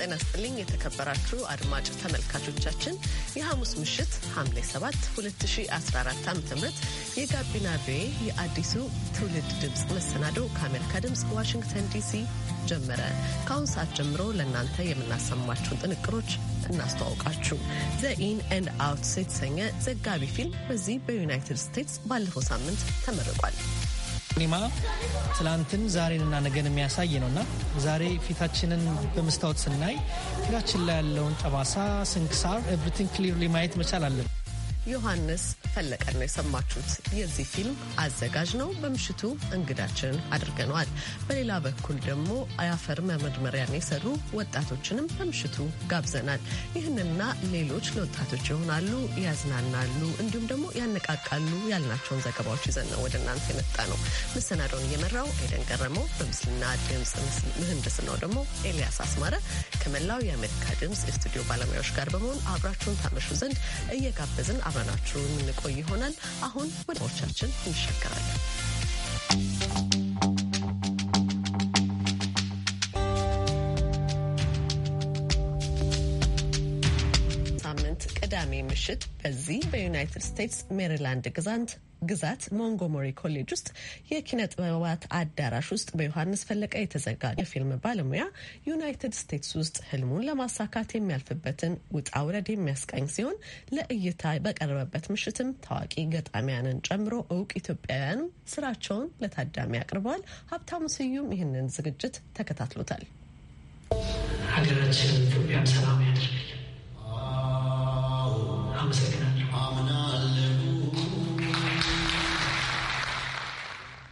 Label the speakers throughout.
Speaker 1: ጤና ስጥልኝ የተከበራችሁ አድማጭ ተመልካቾቻችን የሐሙስ ምሽት ሐምሌ 7 2014 ዓ ም የጋቢና ቤ የአዲሱ ትውልድ ድምፅ መሰናዶ ከአሜሪካ ድምፅ ዋሽንግተን ዲሲ ጀመረ። ከአሁን ሰዓት ጀምሮ ለእናንተ የምናሰማችሁን ጥንቅሮች እናስተዋውቃችሁ። ዘኢን ኤንድ አውትስ የተሰኘ ዘጋቢ
Speaker 2: ፊልም በዚህ በዩናይትድ ስቴትስ ባለፈው ሳምንት ተመርቋል። ኒማ ትላንትን ዛሬንና ነገን የሚያሳይ ነውና ዛሬ ፊታችንን በመስታወት ስናይ ፊታችን ላይ ያለውን ጠባሳ፣ ስንክሳር ኤቭሪቲንግ ክሊርሊ ማየት መቻል አለብን።
Speaker 1: ዮሐንስ ፈለቀን ነው የሰማችሁት። የዚህ ፊልም አዘጋጅ ነው በምሽቱ እንግዳችንን አድርገነዋል። በሌላ በኩል ደግሞ አያፈር መመርመሪያን የሰሩ ወጣቶችንም በምሽቱ ጋብዘናል። ይህንና ሌሎች ለወጣቶች ይሆናሉ፣ ያዝናናሉ፣ እንዲሁም ደግሞ ያነቃቃሉ ያልናቸውን ዘገባዎች ይዘን ነው ወደ እናንተ የመጣ ነው። መሰናዶውን እየመራው ኤደን ገረመው፣ በምስልና ድምፅ ምህንድስናው ደግሞ ኤልያስ አስማረ ከመላው የአሜሪካ ድምፅ የስቱዲዮ ባለሙያዎች ጋር በመሆን አብራችሁን ታመሹ ዘንድ እየጋበዝን አብራ አብረናችሁ የምንቆይ ይሆናል። አሁን ወደ ቻችን እንሸጋገራለን። ምሽት በዚህ በዩናይትድ ስቴትስ ሜሪላንድ ግዛት ግዛት ሞንጎሞሪ ኮሌጅ ውስጥ የኪነ ጥበባት አዳራሽ ውስጥ በዮሐንስ ፈለቀ የተዘጋ የፊልም ባለሙያ ዩናይትድ ስቴትስ ውስጥ ህልሙን ለማሳካት የሚያልፍበትን ውጣ ውረድ የሚያስቃኝ ሲሆን ለእይታ በቀረበበት ምሽትም ታዋቂ ገጣሚያንን ጨምሮ እውቅ ኢትዮጵያውያን ስራቸውን ለታዳሚ አቅርበዋል። ሀብታሙ ስዩም ይህንን ዝግጅት ተከታትሎታል።
Speaker 3: ሀገራችን
Speaker 2: ኢትዮጵያን ሰላም ያደርግ I'm just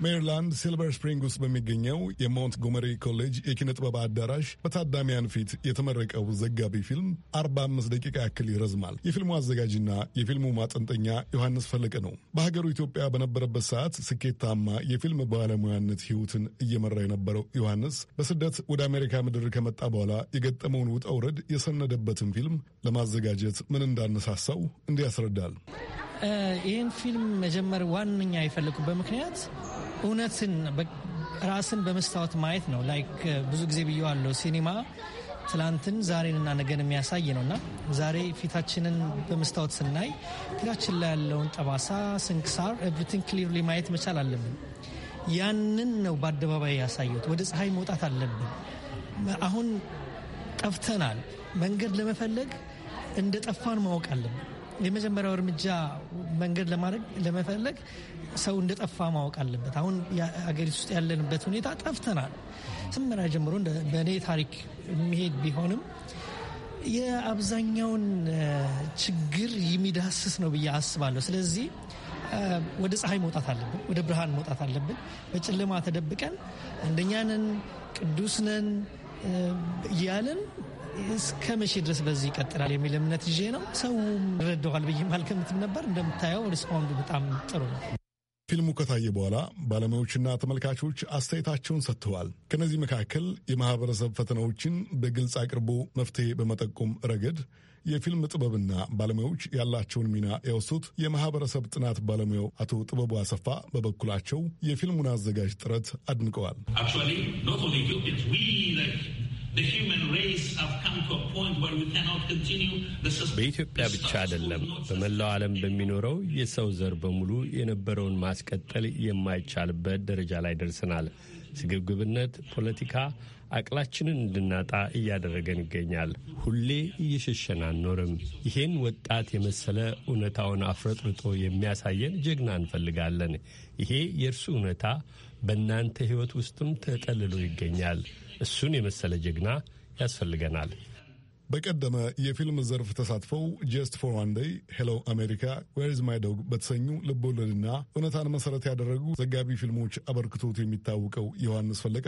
Speaker 4: ሜሪላንድ ሲልቨር ስፕሪንግ ውስጥ በሚገኘው የማውንት ጎመሪ ኮሌጅ የኪነ ጥበብ አዳራሽ በታዳሚያን ፊት የተመረቀው ዘጋቢ ፊልም 45 ደቂቃ ያክል ይረዝማል። የፊልሙ አዘጋጅና የፊልሙ ማጠንጠኛ ዮሐንስ ፈለቀ ነው። በሀገሩ ኢትዮጵያ በነበረበት ሰዓት ስኬታማ የፊልም ባለሙያነት ሕይወትን እየመራ የነበረው ዮሐንስ በስደት ወደ አሜሪካ ምድር ከመጣ በኋላ የገጠመውን ውጣ ውረድ የሰነደበትን ፊልም ለማዘጋጀት ምን እንዳነሳሳው እንዲያስረዳል
Speaker 2: ይህን ፊልም መጀመር ዋነኛ የፈለግኩበት ምክንያት እውነትን ራስን በመስታወት ማየት ነው። ላይክ ብዙ ጊዜ ብየዋለሁ፣ ሲኒማ ትላንትን ዛሬንና ነገን የሚያሳይ ነው እና ዛሬ ፊታችንን በመስታወት ስናይ ፊታችን ላይ ያለውን ጠባሳ፣ ስንክሳር፣ ኤቭሪቲንግ ክሊርሊ ማየት መቻል አለብን። ያንን ነው በአደባባይ ያሳየሁት። ወደ ፀሐይ መውጣት አለብን። አሁን ጠፍተናል። መንገድ ለመፈለግ እንደ ጠፋን ማወቅ አለብን። የመጀመሪያው እርምጃ መንገድ ለማድረግ ለመፈለግ ሰው እንደጠፋ ማወቅ አለበት። አሁን አገሪቱ ውስጥ ያለንበት ሁኔታ ጠፍተናል። ስመራ ጀምሮ በእኔ ታሪክ የሚሄድ ቢሆንም የአብዛኛውን ችግር የሚዳስስ ነው ብዬ አስባለሁ። ስለዚህ ወደ ፀሐይ መውጣት አለብን፣ ወደ ብርሃን መውጣት አለብን። በጨለማ ተደብቀን አንደኛንን ቅዱስነን እያልን እስከ መቼ ድረስ በዚህ ይቀጥላል የሚል እምነት ይዤ ነው። ሰውም ረዳዋል ብዬ ማልከምትም ነበር። እንደምታየው ሪስፖንዱ በጣም ጥሩ ነው።
Speaker 4: ፊልሙ ከታየ በኋላ ባለሙያዎችና ተመልካቾች አስተያየታቸውን ሰጥተዋል። ከእነዚህ መካከል የማህበረሰብ ፈተናዎችን በግልጽ አቅርቦ መፍትሄ በመጠቆም ረገድ የፊልም ጥበብና ባለሙያዎች ያላቸውን ሚና ያወሱት የማህበረሰብ ጥናት ባለሙያው አቶ ጥበቡ አሰፋ በበኩላቸው የፊልሙን አዘጋጅ ጥረት አድንቀዋል።
Speaker 5: በኢትዮጵያ ብቻ አይደለም፣ በመላው ዓለም በሚኖረው የሰው ዘር በሙሉ የነበረውን ማስቀጠል የማይቻልበት ደረጃ ላይ ደርሰናል። ስግብግብነት፣ ፖለቲካ አቅላችንን እንድናጣ እያደረገን ይገኛል። ሁሌ እየሸሸን አንኖርም። ይሄን ወጣት የመሰለ እውነታውን አፍረጥርጦ የሚያሳየን ጀግና እንፈልጋለን። ይሄ የእርሱ እውነታ በእናንተ ሕይወት
Speaker 4: ውስጥም ተጠልሎ ይገኛል። እሱን የመሰለ ጀግና ያስፈልገናል። በቀደመ የፊልም ዘርፍ ተሳትፈው ጀስት ፎር ዋን ደይ፣ ሄሎ አሜሪካ፣ ዌርዝ ማይ ዶግ በተሰኙ ልቦለድና እውነታን መሰረት ያደረጉ ዘጋቢ ፊልሞች አበርክቶት የሚታወቀው ዮሐንስ ፈለቀ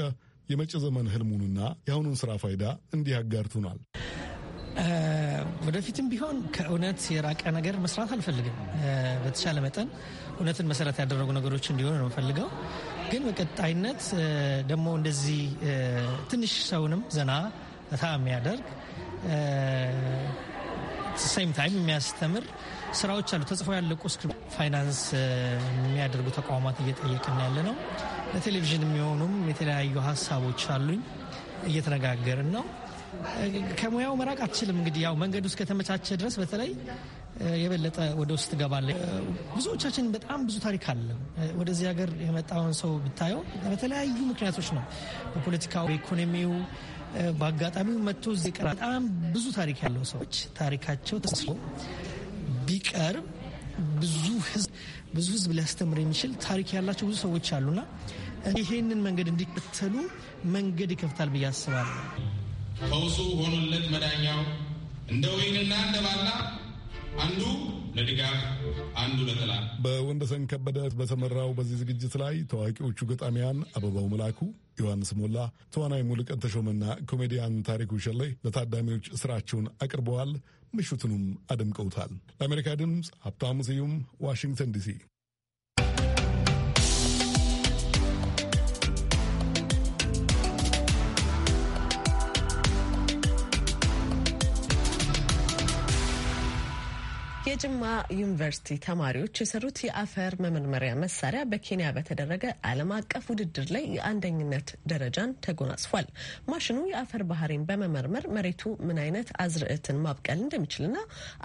Speaker 4: የመጪ ዘመን ህልሙንና የአሁኑን ስራ ፋይዳ እንዲህ ያጋርቱናል። ወደፊትም ቢሆን ከእውነት የራቀ ነገር መስራት አልፈልግም።
Speaker 2: በተቻለ መጠን እውነትን መሰረት ያደረጉ ነገሮች እንዲሆኑ ነው ፈልገው። ግን በቀጣይነት ደግሞ እንደዚህ ትንሽ ሰውንም ዘና ፈታ የሚያደርግ ሴም ታይም የሚያስተምር ስራዎች አሉ ተጽፎ ያለቁ ፋይናንስ የሚያደርጉ ተቋማት እየጠየቅን ያለ ነው። ለቴሌቪዥን የሚሆኑም የተለያዩ ሀሳቦች አሉኝ እየተነጋገርን ነው። ከሙያው መራቅ አትችልም። እንግዲህ ያው መንገዱ እስከተመቻቸ ድረስ በተለይ የበለጠ ወደ ውስጥ ገባለ። ብዙዎቻችን በጣም ብዙ ታሪክ አለ። ወደዚህ ሀገር የመጣውን ሰው ብታየው በተለያዩ ምክንያቶች ነው፣ በፖለቲካው፣ በኢኮኖሚው፣ በአጋጣሚው መጥቶ እዚህ ቀራ። በጣም ብዙ ታሪክ ያለው ሰዎች ታሪካቸው ተስፎ ቢቀርብ ብዙ ህዝብ ብዙ ህዝብ ሊያስተምር የሚችል ታሪክ ያላቸው ብዙ ሰዎች አሉና ይሄንን መንገድ እንዲከተሉ መንገድ ይከፍታል ብዬ አስባለሁ።
Speaker 4: ፈውሱ ሆኖለት መዳኛው እንደ ወይንና እንደ ባላ አንዱ ለድጋፍ አንዱ ለጥላ በወንደሰን ከበደ በተመራው በዚህ ዝግጅት ላይ ታዋቂዎቹ ገጣሚያን አበባው መላኩ፣ ዮሐንስ ሞላ፣ ተዋናይ ሙሉቀን ተሾመና ኮሜዲያን ታሪኩ ሸለይ ለታዳሚዎች ስራቸውን አቅርበዋል። ምሽቱንም አደምቀውታል። ለአሜሪካ ድምፅ ሀብታሙ ስዩም ዋሽንግተን ዲሲ
Speaker 1: የጅማ ዩኒቨርሲቲ ተማሪዎች የሰሩት የአፈር መመርመሪያ መሳሪያ በኬንያ በተደረገ ዓለም አቀፍ ውድድር ላይ የአንደኝነት ደረጃን ተጎናጽፏል። ማሽኑ የአፈር ባህሪን በመመርመር መሬቱ ምን አይነት አዝርዕትን ማብቀል እንደሚችልና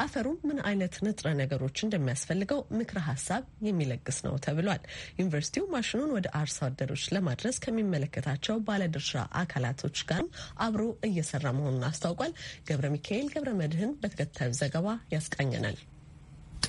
Speaker 1: አፈሩ ምን አይነት ንጥረ ነገሮች እንደሚያስፈልገው ምክረ ሀሳብ የሚለግስ ነው ተብሏል። ዩኒቨርሲቲው ማሽኑን ወደ አርሶ አደሮች ለማድረስ ከሚመለከታቸው ባለድርሻ አካላቶች ጋርም አብሮ እየሰራ መሆኑን አስታውቋል። ገብረ ሚካኤል ገብረ መድህን በተከታዩ ዘገባ
Speaker 3: ያስቃኘናል።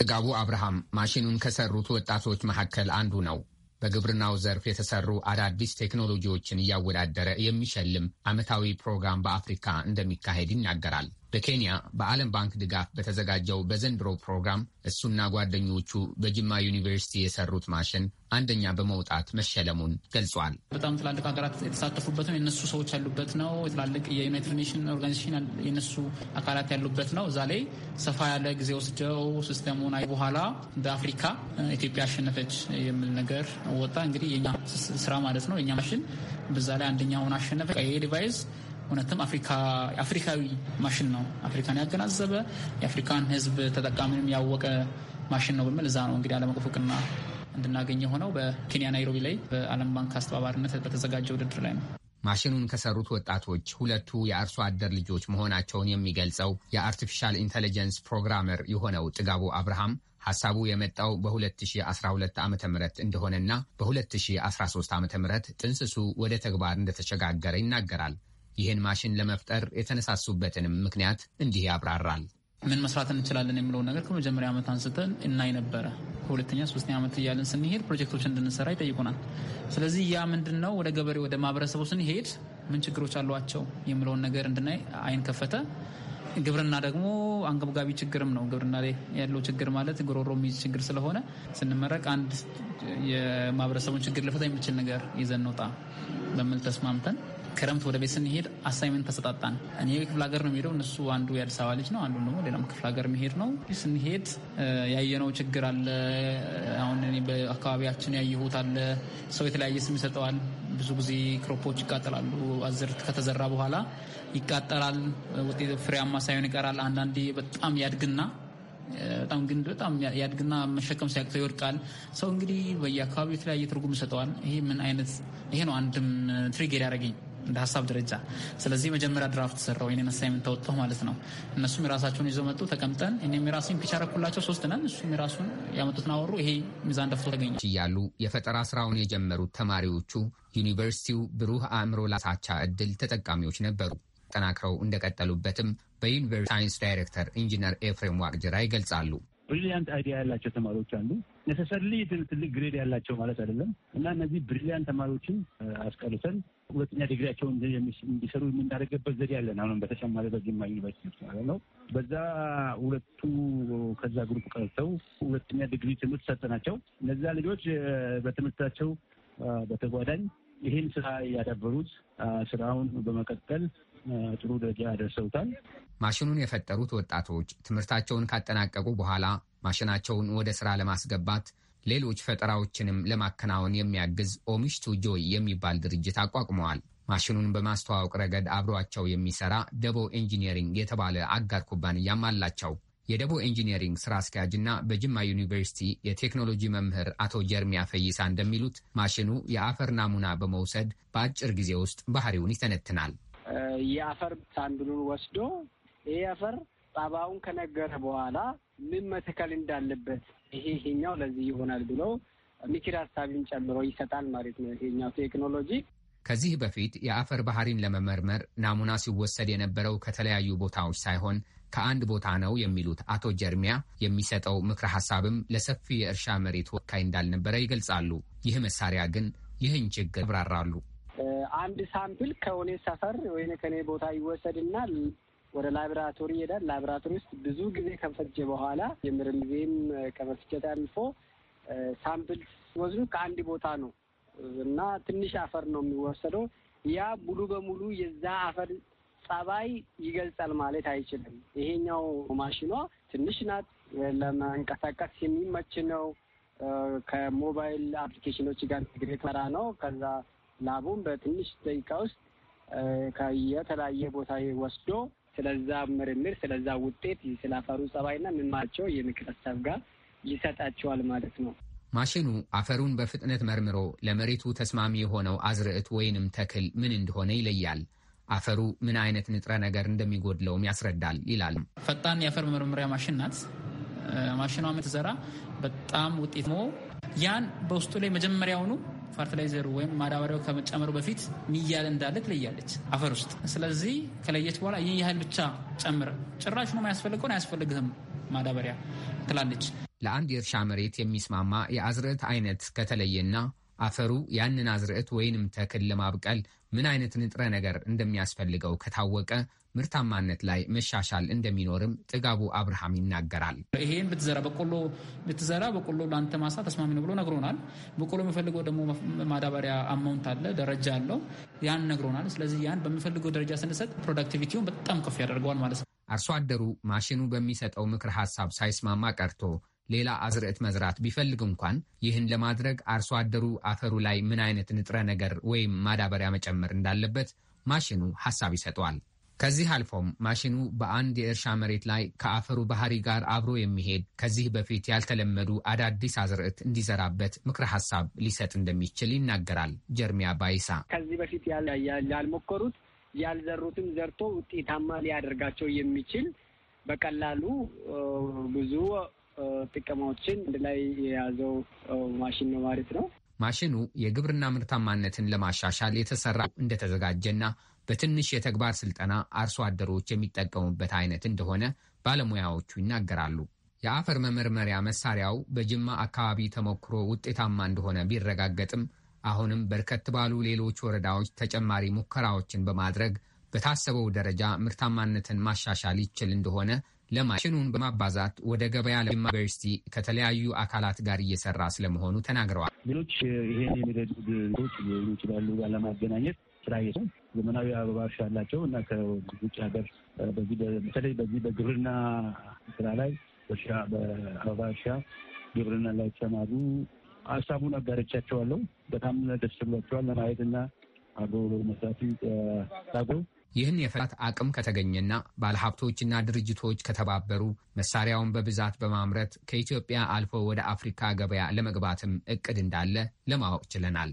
Speaker 3: ጥጋቡ አብርሃም ማሽኑን ከሰሩት ወጣቶች መካከል አንዱ ነው። በግብርናው ዘርፍ የተሰሩ አዳዲስ ቴክኖሎጂዎችን እያወዳደረ የሚሸልም ዓመታዊ ፕሮግራም በአፍሪካ እንደሚካሄድ ይናገራል። በኬንያ በዓለም ባንክ ድጋፍ በተዘጋጀው በዘንድሮ ፕሮግራም እሱና ጓደኞቹ በጅማ ዩኒቨርሲቲ የሰሩት ማሽን አንደኛ በመውጣት መሸለሙን ገልጿል። በጣም
Speaker 6: ትላልቅ ሀገራት የተሳተፉበት ነው። የነሱ ሰዎች ያሉበት ነው። ትላልቅ የዩናይትድ ኔሽን ኦርጋኒዜሽን የነሱ አካላት ያሉበት ነው። እዛ ላይ ሰፋ ያለ ጊዜ ወስደው ሲስተሙን አይ በኋላ በአፍሪካ ኢትዮጵያ አሸነፈች የሚል ነገር ወጣ። እንግዲህ የኛ ስራ ማለት ነው። የኛ ማሽን በዛ ላይ አንደኛውን አሸነፈ። ይሄ ዲቫይስ እውነትም አፍሪካዊ ማሽን ነው። አፍሪካን ያገናዘበ የአፍሪካን ህዝብ ተጠቃሚንም ያወቀ ማሽን ነው ብምል እዛ
Speaker 3: ነው እንግዲህ ዓለም አቀፍ እውቅና እንድናገኝ የሆነው በኬንያ ናይሮቢ ላይ በዓለም ባንክ አስተባባሪነት በተዘጋጀ ውድድር ላይ ነው። ማሽኑን ከሰሩት ወጣቶች ሁለቱ የአርሶ አደር ልጆች መሆናቸውን የሚገልጸው የአርቲፊሻል ኢንቴሊጀንስ ፕሮግራመር የሆነው ጥጋቡ አብርሃም ሐሳቡ የመጣው በ2012 ዓ ም እንደሆነና በ2013 ዓ ም ጥንስሱ ወደ ተግባር እንደተሸጋገረ ይናገራል። ይህን ማሽን ለመፍጠር የተነሳሱበትንም ምክንያት እንዲህ ያብራራል። ምን መስራት እንችላለን የሚለውን ነገር ከመጀመሪያ ዓመት
Speaker 6: አንስተን እናይ ነበረ። ከሁለተኛ ሶስተኛ ዓመት እያለን ስንሄድ ፕሮጀክቶች እንድንሰራ ይጠይቁናል። ስለዚህ ያ ምንድን ነው ወደ ገበሬ ወደ ማህበረሰቡ ስንሄድ ምን ችግሮች አሏቸው የሚለውን ነገር እንድናይ አይን ከፈተ። ግብርና ደግሞ አንገብጋቢ ችግርም ነው። ግብርና ላይ ያለው ችግር ማለት ጎሮሮ የሚይዝ ችግር ስለሆነ ስንመረቅ አንድ የማህበረሰቡን ችግር ልፈታ የሚችል ነገር ይዘን እንውጣ በሚል ተስማምተን ክረምት ወደ ቤት ስንሄድ አሳይመንት ተሰጣጣን። እኔ ክፍለ ሀገር ነው የሚሄደው፣ እነሱ አንዱ የአዲስ አበባ ልጅ ነው፣ አንዱ ደግሞ ሌላም ክፍለ ሀገር የሚሄድ ነው። ስንሄድ ያየነው ችግር አለ። አሁን እኔ በአካባቢያችን ያየሁት አለ። ሰው የተለያየ ስም ይሰጠዋል። ብዙ ጊዜ ክሮፖች ይቃጠላሉ። አዝርት ከተዘራ በኋላ ይቃጠላል። ውጤት ፍሬያማ ሳይሆን ይቀራል። አንዳንዴ በጣም ያድግና በጣም ግን በጣም ያድግና መሸከም ሲያቅተው ይወድቃል። ሰው እንግዲህ በየአካባቢው የተለያየ ትርጉም ይሰጠዋል። ይሄ ምን አይነት ይሄ ነው አንድም ትሪጌድ ያደረገኝ እንደ ሀሳብ ደረጃ። ስለዚህ መጀመሪያ ድራፍት ሰራው ይህንን አሳይመንት ተወጣሁ ማለት ነው። እነሱም የራሳቸውን ይዘው መጡ። ተቀምጠን እኔም የራሴን ፒች አረኩላቸው። ሶስት ነን። እሱም የራሱን ያመጡትን
Speaker 3: አወሩ። ይሄ ሚዛን ደፍቶ ተገኘ እያሉ የፈጠራ ስራውን የጀመሩት ተማሪዎቹ ዩኒቨርሲቲው ብሩህ አእምሮ ላሳቻ እድል ተጠቃሚዎች ነበሩ። ጠናክረው እንደቀጠሉበትም በዩኒቨርሲቲ ሳይንስ ዳይሬክተር ኢንጂነር ኤፍሬም ዋቅጅራ ይገልጻሉ።
Speaker 5: ብሪሊያንት አይዲያ ያላቸው ተማሪዎች አሉ። ነሰሰርሊ ትልቅ ግሬድ ያላቸው ማለት አይደለም እና እነዚህ ብሪሊያንት ተማሪዎችን uh, አስቀርተን ሁለተኛ ዲግሪያቸውን እንዲሰሩ የምናደርገበት ዘዴ ያለን አሁንም በተጨማሪ በጅማ ዩኒቨርሲቲ ማለት ነው። በዛ ሁለቱ ከዛ ግሩፕ ቀርተው ሁለተኛ ዲግሪ ትምህርት ሰጠናቸው። እነዛ ልጆች uh, በትምህርታቸው uh, በተጓዳኝ ይህን ስራ
Speaker 3: ያዳበሩት ስራውን በመቀጠል ጥሩ ደረጃ ደርሰውታል። ማሽኑን የፈጠሩት ወጣቶች ትምህርታቸውን ካጠናቀቁ በኋላ ማሽናቸውን ወደ ሥራ ለማስገባት ሌሎች ፈጠራዎችንም ለማከናወን የሚያግዝ ኦሚሽቱ ጆይ የሚባል ድርጅት አቋቁመዋል። ማሽኑን በማስተዋወቅ ረገድ አብሯቸው የሚሰራ ደቦ ኢንጂኒሪንግ የተባለ አጋር ኩባንያም አላቸው። የደቦ ኢንጂኒሪንግ ስራ አስኪያጅና በጅማ ዩኒቨርሲቲ የቴክኖሎጂ መምህር አቶ ጀርሚያ ፈይሳ እንደሚሉት ማሽኑ የአፈር ናሙና በመውሰድ በአጭር ጊዜ ውስጥ ባህሪውን ይተነትናል።
Speaker 5: የአፈር ሳንድሉን ወስዶ ይሄ አፈር ጣባውን ከነገረ በኋላ ምን መትከል እንዳለበት ይሄ ይሄኛው ለዚህ ይሆናል ብሎ ምክር ሀሳብን ጨምሮ ይሰጣል ማለት ነው። ይሄኛው ቴክኖሎጂ
Speaker 3: ከዚህ በፊት የአፈር ባህሪን ለመመርመር ናሙና ሲወሰድ የነበረው ከተለያዩ ቦታዎች ሳይሆን ከአንድ ቦታ ነው የሚሉት አቶ ጀርሚያ የሚሰጠው ምክረ ሀሳብም ለሰፊ የእርሻ መሬት ወካይ እንዳልነበረ ይገልጻሉ። ይህ መሳሪያ ግን ይህን ችግር ብራራሉ።
Speaker 5: አንድ ሳምፕል ከሆነ ሰፈር ወይ ከኔ ቦታ ይወሰድና ወደ ላብራቶሪ ይሄዳል። ላብራቶሪ ውስጥ ብዙ ጊዜ ከፈጀ በኋላ የምርምር ጊዜም ከመፍጀት አልፎ ሳምፕል ወስዱ ከአንድ ቦታ ነው እና ትንሽ አፈር ነው የሚወሰደው። ያ ሙሉ በሙሉ የዛ አፈር ጸባይ ይገልጻል ማለት አይችልም። ይሄኛው ማሽኗ ትንሽ ናት፣ ለመንቀሳቀስ የሚመች ነው። ከሞባይል አፕሊኬሽኖች ጋር ትግሬ ተራ ነው። ከዛ ላቡን በትንሽ ደቂቃ ውስጥ ከየተለያየ ቦታ ወስዶ ስለዛ ምርምር፣ ስለዛ ውጤት፣ ስለ አፈሩ ጸባይና የምማራቸው የምክር ሀሳብ ጋር ይሰጣቸዋል
Speaker 3: ማለት ነው። ማሽኑ አፈሩን በፍጥነት መርምሮ ለመሬቱ ተስማሚ የሆነው አዝርዕት ወይንም ተክል ምን እንደሆነ ይለያል። አፈሩ ምን አይነት ንጥረ ነገር እንደሚጎድለውም ያስረዳል ይላል። ፈጣን የአፈር መርምሪያ ማሽን ናት። ማሽኗ የምትዘራ በጣም
Speaker 6: ውጤት ያን በውስጡ ላይ መጀመሪያውኑ ፈርቲላይዘሩ ወይም ማዳበሪያው ከመጨመሩ በፊት ሚያል እንዳለ ትለያለች አፈር ውስጥ። ስለዚህ ከለየች በኋላ ይህን ያህል ብቻ ጨምር፣
Speaker 3: ጭራሽ ነው የማያስፈልገውን አያስፈልግህም ማዳበሪያ ትላለች። ለአንድ የእርሻ መሬት የሚስማማ የአዝርዕት አይነት ከተለየና አፈሩ ያንን አዝርዕት ወይንም ተክል ለማብቀል ምን አይነት ንጥረ ነገር እንደሚያስፈልገው ከታወቀ ምርታማነት ላይ መሻሻል እንደሚኖርም ጥጋቡ አብርሃም ይናገራል።
Speaker 6: ይሄን ብትዘራ በቆሎ ብትዘራ በቆሎ ለአንተ ማሳ ተስማሚ ነው ብሎ ነግሮናል። በቆሎ የሚፈልገው ደግሞ ማዳበሪያ አማውንት አለ፣ ደረጃ
Speaker 3: አለው። ያን ነግሮናል። ስለዚህ ያን በሚፈልገው ደረጃ ስንሰጥ ፕሮዳክቲቪቲውን በጣም ከፍ ያደርገዋል ማለት ነው። አርሶ አደሩ ማሽኑ በሚሰጠው ምክር ሀሳብ ሳይስማማ ቀርቶ ሌላ አዝርዕት መዝራት ቢፈልግ እንኳን ይህን ለማድረግ አርሶ አደሩ አፈሩ ላይ ምን አይነት ንጥረ ነገር ወይም ማዳበሪያ መጨመር እንዳለበት ማሽኑ ሀሳብ ይሰጠዋል። ከዚህ አልፎም ማሽኑ በአንድ የእርሻ መሬት ላይ ከአፈሩ ባህሪ ጋር አብሮ የሚሄድ ከዚህ በፊት ያልተለመዱ አዳዲስ አዝርዕት እንዲዘራበት ምክረ ሀሳብ ሊሰጥ እንደሚችል ይናገራል። ጀርሚያ ባይሳ
Speaker 5: ከዚህ በፊት ያልሞከሩት ያልዘሩትም ዘርቶ ውጤታማ ሊያደርጋቸው የሚችል በቀላሉ ብዙ ጥቅሞችን አንድ ላይ የያዘው ማሽን ነው ማለት ነው።
Speaker 3: ማሽኑ የግብርና ምርታማነትን ለማሻሻል የተሰራ እንደተዘጋጀና በትንሽ የተግባር ስልጠና አርሶ አደሮች የሚጠቀሙበት አይነት እንደሆነ ባለሙያዎቹ ይናገራሉ። የአፈር መመርመሪያ መሳሪያው በጅማ አካባቢ ተሞክሮ ውጤታማ እንደሆነ ቢረጋገጥም አሁንም በርከት ባሉ ሌሎች ወረዳዎች ተጨማሪ ሙከራዎችን በማድረግ በታሰበው ደረጃ ምርታማነትን ማሻሻል ይችል እንደሆነ ለማሽኑን በማባዛት ወደ ገበያ ዩኒቨርሲቲ ከተለያዩ አካላት ጋር እየሰራ ስለመሆኑ ተናግረዋል።
Speaker 5: ሌሎች ይሄን የሚረዱ ሊሆኑ ይችላሉ ጋር ለማገናኘት ስራ ዘመናዊ አበባ እርሻ ያላቸው እና ከውጭ ሀገር በተለይ በዚህ በግብርና ስራ ላይ እርሻ በአበባ እርሻ ግብርና ላይ ተሰማሩ ሀሳቡን አጋርቻቸዋለሁ። በጣም ደስ ብሏቸዋል ለማየት እና አብሮ መስራት
Speaker 3: ታጎ ይህን የፍራት አቅም ከተገኘና ባለሀብቶችና ድርጅቶች ከተባበሩ መሳሪያውን በብዛት በማምረት ከኢትዮጵያ አልፎ ወደ አፍሪካ ገበያ ለመግባትም እቅድ እንዳለ ለማወቅ ችለናል።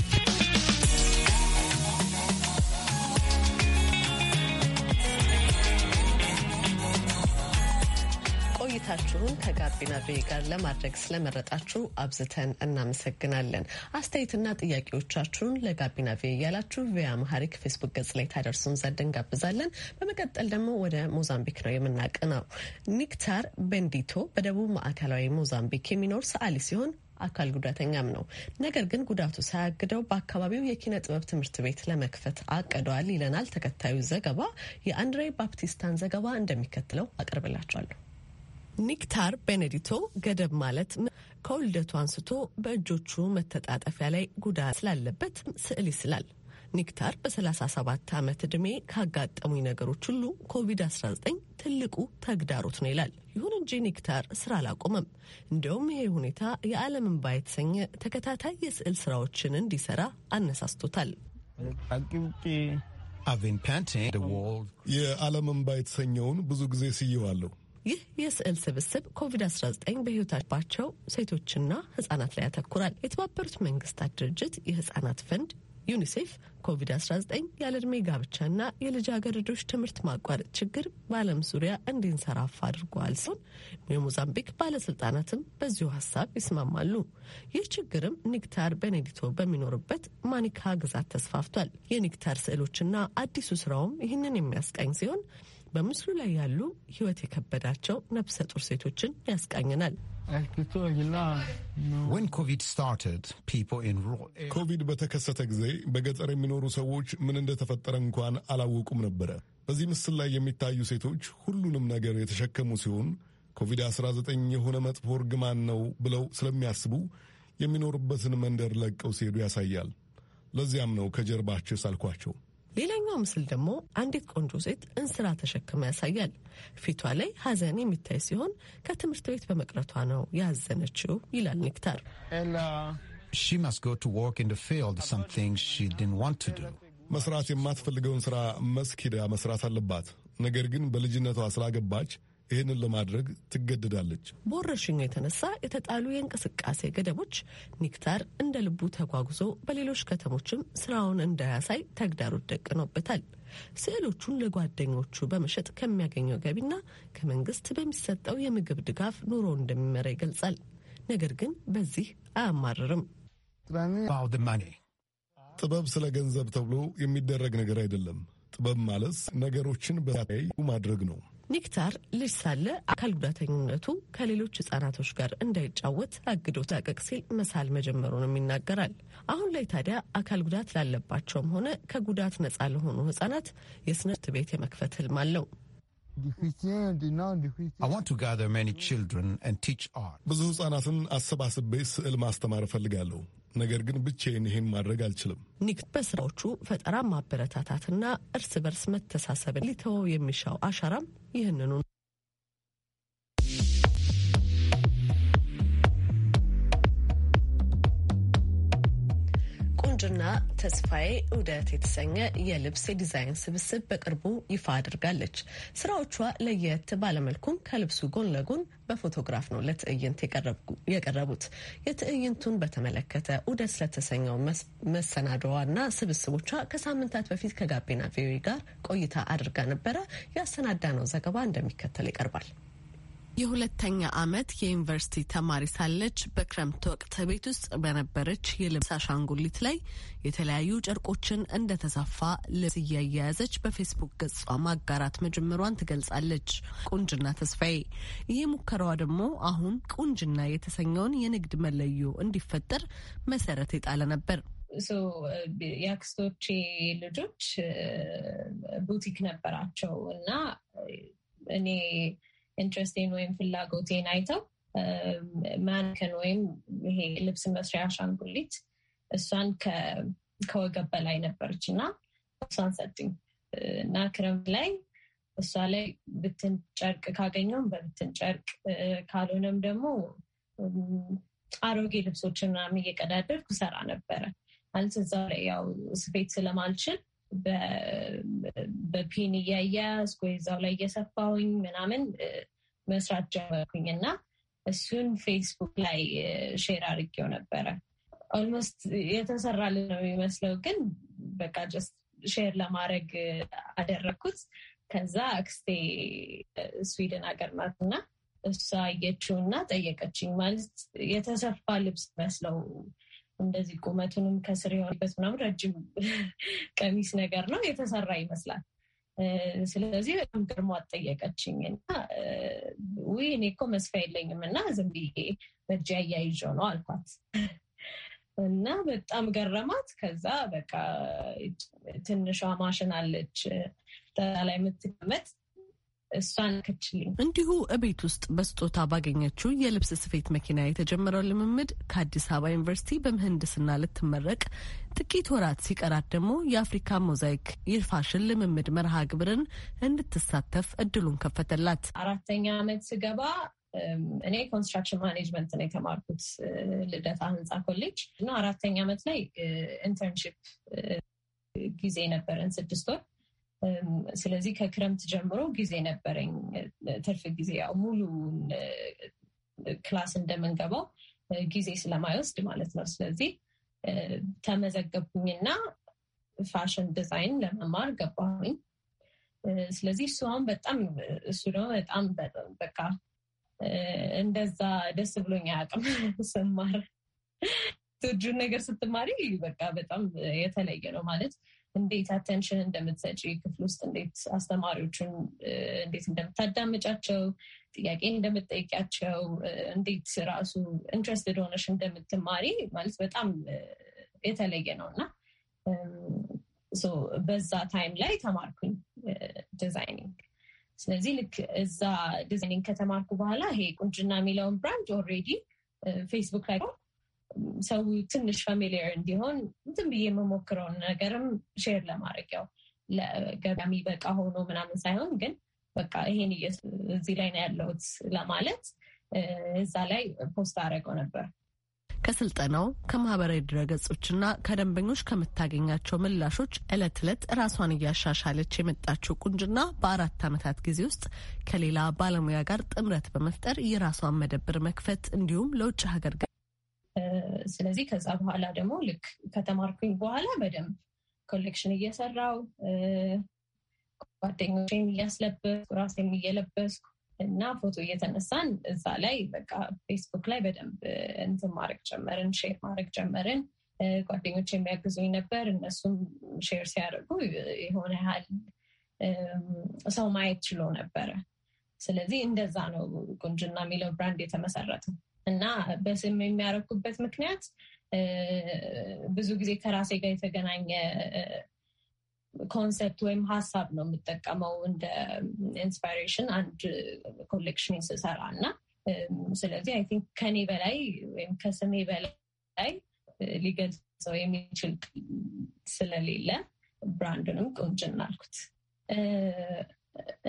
Speaker 1: ቆይታችሁን ከጋቢና ቪ ጋር ለማድረግ ስለመረጣችሁ አብዝተን እናመሰግናለን። አስተያየትና ጥያቄዎቻችሁን ለጋቢና ቪ እያላችሁ ቪያ መሀሪክ ፌስቡክ ገጽ ላይ ታደርሱን ዘንድ እንጋብዛለን። በመቀጠል ደግሞ ወደ ሞዛምቢክ ነው የምናቀናው። ኒክታር በንዲቶ በደቡብ ማዕከላዊ ሞዛምቢክ የሚኖር ሰዓሊ ሲሆን አካል ጉዳተኛም ነው። ነገር ግን ጉዳቱ ሳያግደው በአካባቢው የኪነ ጥበብ ትምህርት ቤት ለመክፈት አቅዷል ይለናል ተከታዩ ዘገባ። የአንድሬ ባፕቲስታን ዘገባ እንደሚከትለው አቅርብላቸዋለሁ። ኒክታር ቤኔዲቶ ገደብ ማለት ከውልደቱ አንስቶ በእጆቹ መተጣጠፊያ ላይ ጉዳት ስላለበት ስዕል ይስላል። ኒክታር በ37 ዓመት ዕድሜ ካጋጠሙኝ ነገሮች ሁሉ ኮቪድ-19 ትልቁ ተግዳሮት ነው ይላል። ይሁን እንጂ ኒክታር ስራ አላቆመም። እንዲያውም ይሄ ሁኔታ የዓለም እንባ የተሰኘ ተከታታይ የስዕል ስራዎችን እንዲሰራ አነሳስቶታል።
Speaker 4: የዓለም እንባ የተሰኘውን ብዙ ጊዜ
Speaker 1: ስየዋለሁ ይህ የስዕል ስብስብ ኮቪድ-19 በሕይወታቸው ሴቶችና ህጻናት ላይ ያተኩራል። የተባበሩት መንግስታት ድርጅት የህጻናት ፈንድ ዩኒሴፍ ኮቪድ-19 ያለ ዕድሜ ጋብቻና የልጃገረዶች ትምህርት ማቋረጥ ችግር በዓለም ዙሪያ እንዲንሰራፋ አድርጓል ሲሆን የሞዛምቢክ ባለስልጣናትም በዚሁ ሀሳብ ይስማማሉ። ይህ ችግርም ኒክታር በኔዲቶ በሚኖርበት ማኒካ ግዛት ተስፋፍቷል። የኒክታር ስዕሎችና አዲሱ ስራውም ይህንን የሚያስቀኝ ሲሆን በምስሉ ላይ ያሉ
Speaker 4: ህይወት የከበዳቸው ነፍሰ ጡር ሴቶችን ያስቃኝናል። ኮቪድ በተከሰተ ጊዜ በገጠር የሚኖሩ ሰዎች ምን እንደተፈጠረ እንኳን አላወቁም ነበረ። በዚህ ምስል ላይ የሚታዩ ሴቶች ሁሉንም ነገር የተሸከሙ ሲሆን ኮቪድ-19 የሆነ መጥፎ እርግማን ነው ብለው ስለሚያስቡ የሚኖሩበትን መንደር ለቀው ሲሄዱ ያሳያል። ለዚያም ነው ከጀርባቸው ሳልኳቸው። ሌላኛው ምስል ደግሞ አንዲት ቆንጆ ሴት እንስራ ተሸክማ ያሳያል።
Speaker 1: ፊቷ ላይ ሐዘን የሚታይ ሲሆን ከትምህርት ቤት በመቅረቷ ነው ያዘነችው ይላል ኒክታር
Speaker 4: መስራት የማትፈልገውን ስራ መስኪዳ መስራት አለባት። ነገር ግን በልጅነቷ ስላገባች ይህንን ለማድረግ ትገደዳለች።
Speaker 1: በወረርሽኙ የተነሳ የተጣሉ የእንቅስቃሴ ገደቦች ኒክታር እንደ ልቡ ተጓጉዞ በሌሎች ከተሞችም ስራውን እንዳያሳይ ተግዳሮት ደቅኖበታል። ስዕሎቹን ለጓደኞቹ በመሸጥ ከሚያገኘው ገቢና ከመንግስት በሚሰጠው የምግብ ድጋፍ ኑሮ እንደሚመራ ይገልጻል። ነገር ግን በዚህ
Speaker 4: አያማርርም። ጥበብ ስለ ገንዘብ ተብሎ የሚደረግ ነገር አይደለም። ጥበብ ማለት ነገሮችን በ ማድረግ ነው። ኒክታር
Speaker 1: ልጅ ሳለ አካል ጉዳተኝነቱ ከሌሎች ህጻናቶች ጋር እንዳይጫወት አግዶ ታቀቅ ሲል መሳል መጀመሩንም ይናገራል። አሁን ላይ ታዲያ አካል ጉዳት ላለባቸውም ሆነ ከጉዳት ነጻ ለሆኑ ህጻናት የስነት ቤት የመክፈት ህልም አለው።
Speaker 4: ብዙ ህጻናትን አሰባስቤ ስዕል ማስተማር እፈልጋለሁ። ነገር ግን ብቻዬን ይህን ማድረግ አልችልም። ኒክ በስራዎቹ ፈጠራ
Speaker 1: ማበረታታትና እርስ በርስ መተሳሰብን ሊተወው የሚሻው አሻራም ይህንኑን እርጅና ተስፋዬ እውደት የተሰኘ የልብስ የዲዛይን ስብስብ በቅርቡ ይፋ አድርጋለች። ስራዎቿ ለየት ባለመልኩም ከልብሱ ጎን ለጎን በፎቶግራፍ ነው ለትዕይንት የቀረቡት። የትዕይንቱን በተመለከተ ውደት ስለተሰኘው መሰናዶዋና ስብስቦቿ ከሳምንታት በፊት ከጋቢና ቪኦኤ ጋር ቆይታ አድርጋ ነበረ። ያሰናዳ ነው ዘገባ እንደሚከተል ይቀርባል። የሁለተኛ ዓመት የዩኒቨርሲቲ ተማሪ ሳለች በክረምት ወቅት ቤት ውስጥ በነበረች የልብስ አሻንጉሊት ላይ የተለያዩ ጨርቆችን እንደተሳፋ ልብስ እያያያዘች በፌስቡክ ገጿ ማጋራት መጀመሯን ትገልጻለች። ቁንጅና ተስፋዬ ይህ ሙከራዋ ደግሞ አሁን ቁንጅና የተሰኘውን የንግድ መለዮ እንዲፈጠር መሰረት የጣለ ነበር።
Speaker 7: የአክስቶቼ ልጆች ቡቲክ ነበራቸው እና እኔ ኢንትረስቴን ወይም ፍላጎቴን አይተው ማንከን ወይም ይሄ ልብስ መስሪያ አሻንጉሊት እሷን ከወገብ በላይ ነበረች እና እሷን ሰጡኝ እና ክረምት ላይ እሷ ላይ ብትን ጨርቅ ካገኘውም በብትን ጨርቅ ካልሆነም ደግሞ አሮጌ ልብሶችን ምናምን እየቀዳደርኩ ሰራ ነበረ። አንት እዛው ላይ ያው ስፌት ስለማልችል በፒን እያያዝኩ እዛው ላይ እየሰፋውኝ ምናምን መስራት ጀመርኩኝ እና እሱን ፌስቡክ ላይ ሼር አድርጌው ነበረ። ኦልሞስት የተሰራልን ነው የሚመስለው፣ ግን በቃ ጀስት ሼር ለማድረግ አደረግኩት። ከዛ አክስቴ ስዊድን ሀገር ናት እና እሷ አየችው እና ጠየቀችኝ። ማለት የተሰፋ ልብስ መስለው እንደዚህ ቁመቱንም ከስር የሆነበት ምናምን ረጅም ቀሚስ ነገር ነው የተሰራ ይመስላል። ስለዚህ በጣም ግርማ አጠየቀችኝ እና ውይ እኔ እኮ መስፊያ የለኝም እና ዝም ብዬ በእጅ ነው አልኳት እና በጣም ገረማት። ከዛ በቃ ትንሿ ማሽን አለች ተላ ላይ የምትቀመጥ እሷን
Speaker 1: ክችልኝ። እንዲሁ እቤት ውስጥ በስጦታ ባገኘችው የልብስ ስፌት መኪና የተጀመረው ልምምድ ከአዲስ አበባ ዩኒቨርሲቲ በምህንድስና ልትመረቅ ጥቂት ወራት ሲቀራት ደግሞ የአፍሪካ ሞዛይክ የፋሽን ልምምድ መርሃ ግብርን እንድትሳተፍ እድሉን ከፈተላት።
Speaker 7: አራተኛ ዓመት ስገባ እኔ ኮንስትራክሽን ማኔጅመንት ነው የተማርኩት ልደታ ህንፃ ኮሌጅ እና አራተኛ ዓመት ላይ ኢንተርንሽፕ ጊዜ ነበረን ስድስት ወር ስለዚህ ከክረምት ጀምሮ ጊዜ ነበረኝ፣ ትርፍ ጊዜ ያው ሙሉ ክላስ እንደምንገባው ጊዜ ስለማይወስድ ማለት ነው። ስለዚህ ተመዘገብኩኝና ፋሽን ዲዛይን ለመማር ገባሁኝ። ስለዚህ እሱ አሁን በጣም እሱ ደግሞ በጣም በቃ እንደዛ ደስ ብሎኝ አያውቅም ስማር ትወጂውን ነገር ስትማሪ በቃ በጣም የተለየ ነው ማለት እንዴት አቴንሽን እንደምትሰጪ ክፍል ውስጥ እንዴት አስተማሪዎቹን እንዴት እንደምታዳምጫቸው፣ ጥያቄ እንደምትጠይቂያቸው፣ እንዴት ራሱ ኢንትረስትድ ሆነሽ እንደምትማሪ ማለት በጣም የተለየ ነው እና በዛ ታይም ላይ ተማርኩኝ ዲዛይኒንግ። ስለዚህ ልክ እዛ ዲዛይኒንግ ከተማርኩ በኋላ ይሄ ቁንጅና የሚለውን ብራንድ ኦልሬዲ ፌስቡክ ላይ ሰው ትንሽ ፋሚሊየር እንዲሆን ዝም ብዬ የምሞክረውን ነገርም ሼር ለማድረግ ያው ለገበያሚ በቃ ሆኖ ምናምን ሳይሆን ግን በቃ ይሄን እዚህ ላይ ነው ያለሁት ለማለት እዛ ላይ ፖስት አደረገው ነበር።
Speaker 1: ከስልጠናው ከማህበራዊ ድረገጾችና ከደንበኞች ከምታገኛቸው ምላሾች እለት እለት ራሷን እያሻሻለች የመጣችው ቁንጅና በአራት ዓመታት ጊዜ ውስጥ ከሌላ ባለሙያ ጋር ጥምረት በመፍጠር የራሷን መደብር መክፈት እንዲሁም ለውጭ ሀገር
Speaker 7: ስለዚህ ከዛ በኋላ ደግሞ ልክ ከተማርኩኝ በኋላ በደንብ ኮሌክሽን እየሰራው ጓደኞቼን እያስለበስኩ ራሴን እየለበስኩ እና ፎቶ እየተነሳን እዛ ላይ በቃ ፌስቡክ ላይ በደንብ እንትን ማድረግ ጀመርን፣ ሼር ማድረግ ጀመርን። ጓደኞች የሚያግዙኝ ነበር። እነሱም ሼር ሲያደርጉ የሆነ ያህል ሰው ማየት ችሎ ነበረ። ስለዚህ እንደዛ ነው ቁንጅና የሚለው ብራንድ የተመሰረተው። እና በስም የሚያረኩበት ምክንያት ብዙ ጊዜ ከራሴ ጋር የተገናኘ ኮንሰፕት ወይም ሀሳብ ነው የምጠቀመው እንደ ኢንስፓይሬሽን አንድ ኮሌክሽን ስሰራ እና ስለዚህ አይ ቲንክ ከኔ በላይ ወይም ከስሜ በላይ ሊገልጸው የሚችል ስለሌለ ብራንድንም ቁንጭ እናልኩት።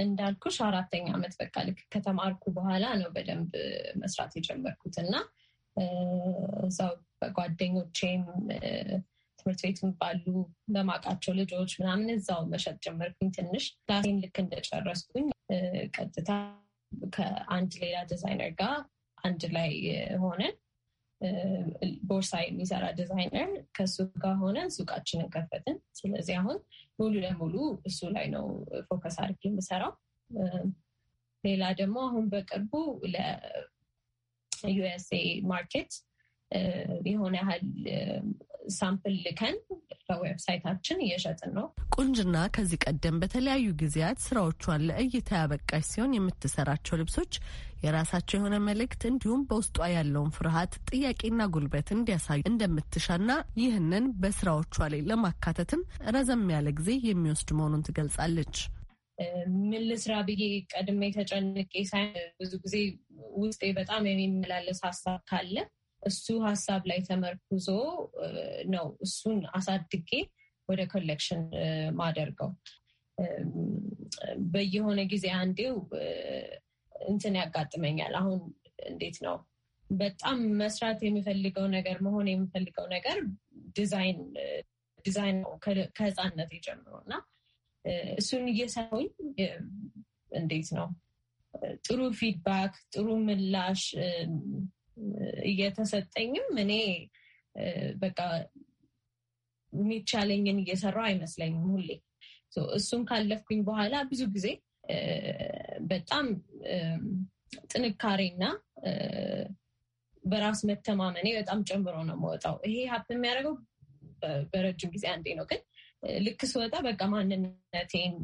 Speaker 7: እንዳልኩሽ አራተኛ ዓመት በቃ ልክ ከተማርኩ በኋላ ነው በደንብ መስራት የጀመርኩት እና እዛው በጓደኞቼም ትምህርት ቤትም ባሉ በማውቃቸው ልጆች ምናምን እዛው መሸጥ ጀመርኩኝ። ትንሽ ራሴን ልክ እንደጨረስኩኝ ቀጥታ ከአንድ ሌላ ዲዛይነር ጋር አንድ ላይ ሆነን ቦርሳ የሚሰራ ዲዛይነር ከሱ ጋር ሆነን ሱቃችንን ከፈትን። ስለዚህ አሁን ሙሉ ለሙሉ እሱ ላይ ነው ፎከስ አድርጌ የምሰራው። ሌላ ደግሞ አሁን በቅርቡ ለዩኤስኤ ማርኬት የሆነ ያህል ሳምፕል ልከን በዌብሳይታችን እየሸጥን ነው።
Speaker 1: ቁንጅና ከዚህ ቀደም በተለያዩ ጊዜያት ስራዎቿን ለእይታ ያበቃች ሲሆን የምትሰራቸው ልብሶች የራሳቸው የሆነ መልእክት እንዲሁም በውስጧ ያለውን ፍርሃት፣ ጥያቄና ጉልበት እንዲያሳዩ እንደምትሻና ይህንን በስራዎቿ ላይ ለማካተትም ረዘም ያለ ጊዜ የሚወስድ መሆኑን ትገልጻለች።
Speaker 7: ምን ልስራ ብዬ ቀድሜ ተጨንቄ ሳይሆን ብዙ ጊዜ ውስጤ በጣም የሚመላለስ ሀሳብ ካለ እሱ ሀሳብ ላይ ተመርኩዞ ነው እሱን አሳድጌ ወደ ኮሌክሽን ማደርገው። በየሆነ ጊዜ አንዴው እንትን ያጋጥመኛል። አሁን እንዴት ነው በጣም መስራት የሚፈልገው ነገር መሆን የሚፈልገው ነገር ዲዛይን ዲዛይን ነው ከህፃንነት የጀምሮ እና እሱን እየሰሩኝ እንዴት ነው ጥሩ ፊድባክ ጥሩ ምላሽ እየተሰጠኝም እኔ በቃ የሚቻለኝን እየሰራው አይመስለኝም ሁሌ። እሱን ካለፍኩኝ በኋላ ብዙ ጊዜ በጣም ጥንካሬና በራስ መተማመኔ በጣም ጨምሮ ነው የምወጣው። ይሄ ሀብት የሚያደርገው በረጅም ጊዜ አንዴ ነው፣ ግን ልክ ስወጣ በቃ ማንነቴን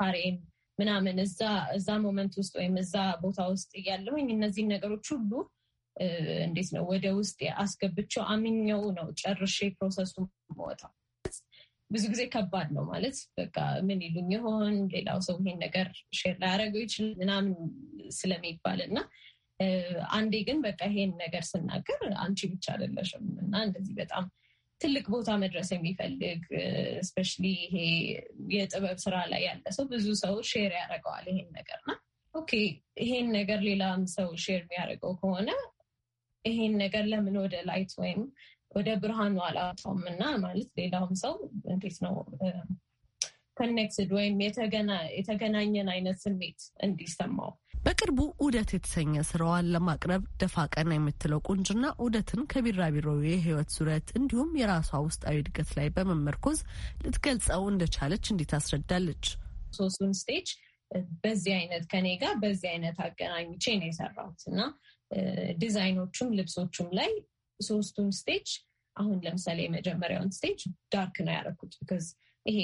Speaker 7: ካሬን ምናምን እዛ ሞመንት ውስጥ ወይም እዛ ቦታ ውስጥ እያለሁኝ እነዚህን ነገሮች ሁሉ እንዴት ነው ወደ ውስጥ አስገብቼው አምኜው ነው ጨርሼ ፕሮሰሱ መወጣው። ብዙ ጊዜ ከባድ ነው ማለት በቃ ምን ይሉኝ ይሆን ሌላው ሰው ይሄን ነገር ሼር ላያደረገው ይችላል ምናምን ስለሚባል እና አንዴ ግን በቃ ይሄን ነገር ስናገር አንቺ ብቻ አይደለሽም እና እንደዚህ በጣም ትልቅ ቦታ መድረስ የሚፈልግ እስፔሻሊ ይሄ የጥበብ ስራ ላይ ያለ ሰው ብዙ ሰው ሼር ያደርገዋል ይሄን ነገር ኦኬ ይሄን ነገር ሌላም ሰው ሼር የሚያደርገው ከሆነ ይሄን ነገር ለምን ወደ ላይት ወይም ወደ ብርሃኑ አላውጣውም እና ማለት ሌላውም ሰው እንዴት ነው ኮኔክትድ ወይም የተገናኘን አይነት ስሜት እንዲሰማው
Speaker 1: በቅርቡ ውደት የተሰኘ ስራዋን ለማቅረብ ደፋ ቀና የምትለው ቁንጅና ውደትን ከቢራቢሮ የህይወት ዙረት እንዲሁም የራሷ ውስጣዊ እድገት ላይ በመመርኮዝ ልትገልጸው እንደቻለች እንዲት አስረዳለች።
Speaker 7: ሶስቱን ስቴጅ በዚህ አይነት ከኔ ጋር በዚህ አይነት አገናኝቼ ነው የሰራሁት እና ዲዛይኖቹም ልብሶቹም ላይ ሶስቱን ስቴጅ አሁን ለምሳሌ የመጀመሪያውን ስቴጅ ዳርክ ነው ያደረኩት። ቢካዝ ይሄ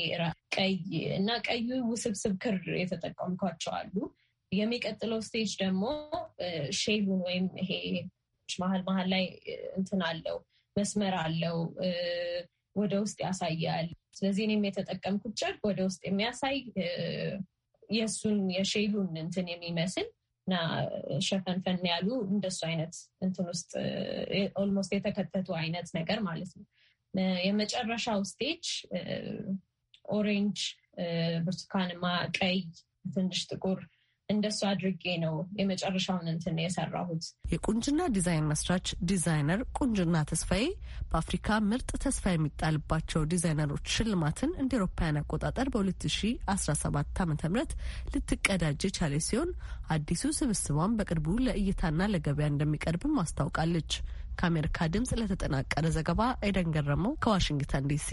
Speaker 7: ቀይ እና ቀዩ ውስብስብ ክር የተጠቀምኳቸው አሉ። የሚቀጥለው ስቴጅ ደግሞ ሼቡን ወይም ይሄ መሀል መሀል ላይ እንትን አለው መስመር አለው ወደ ውስጥ ያሳያል። ስለዚህ እኔም የተጠቀምኩት ጨርቅ ወደ ውስጥ የሚያሳይ የእሱን የሼዱን እንትን የሚመስል እና ሸፈንፈን ያሉ እንደሱ አይነት እንትን ውስጥ ኦልሞስት የተከተቱ አይነት ነገር ማለት ነው። የመጨረሻው ስቴጅ ኦሬንጅ፣ ብርቱካንማ፣ ቀይ፣ ትንሽ ጥቁር እንደሱ አድርጌ ነው የመጨረሻውን እንትን የሰራሁት።
Speaker 1: የቁንጅና ዲዛይን መስራች ዲዛይነር ቁንጅና ተስፋዬ በአፍሪካ ምርጥ ተስፋ የሚጣልባቸው ዲዛይነሮች ሽልማትን እንደ ኤሮፓያን አቆጣጠር በ2017 ዓ ም ልትቀዳጅ የቻለች ሲሆን አዲሱ ስብስቧን በቅርቡ ለእይታና ለገበያ እንደሚቀርብም አስታውቃለች። ከአሜሪካ ድምጽ ለተጠናቀረ ዘገባ ኤደን ገረመው ከዋሽንግተን ዲሲ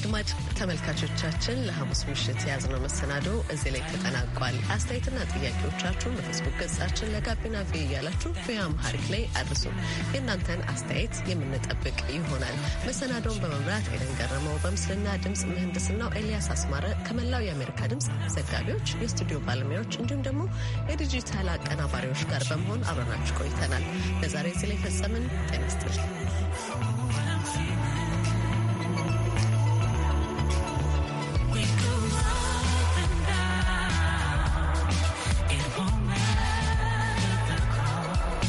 Speaker 1: አድማጭ ተመልካቾቻችን ለሐሙስ ምሽት የያዝነው መሰናዶ እዚህ ላይ ተጠናቋል። አስተያየትና ጥያቄዎቻችሁን በፌስቡክ ገጻችን ለጋቢና ቪ እያላችሁ ቪያምሃሪክ ላይ አድርሱ። የእናንተን አስተያየት የምንጠብቅ ይሆናል። መሰናዶውን በመምራት ኤደን ገረመው፣ በምስልና ድምፅ ምህንድስናው ኤልያስ አስማረ ከመላው የአሜሪካ ድምፅ ዘጋቢዎች፣ የስቱዲዮ ባለሙያዎች እንዲሁም ደግሞ የዲጂታል አቀናባሪዎች ጋር በመሆን አብረናችሁ ቆይተናል። ለዛሬ እዚህ ላይ ፈጸምን። ጤና ይስጥልኝ።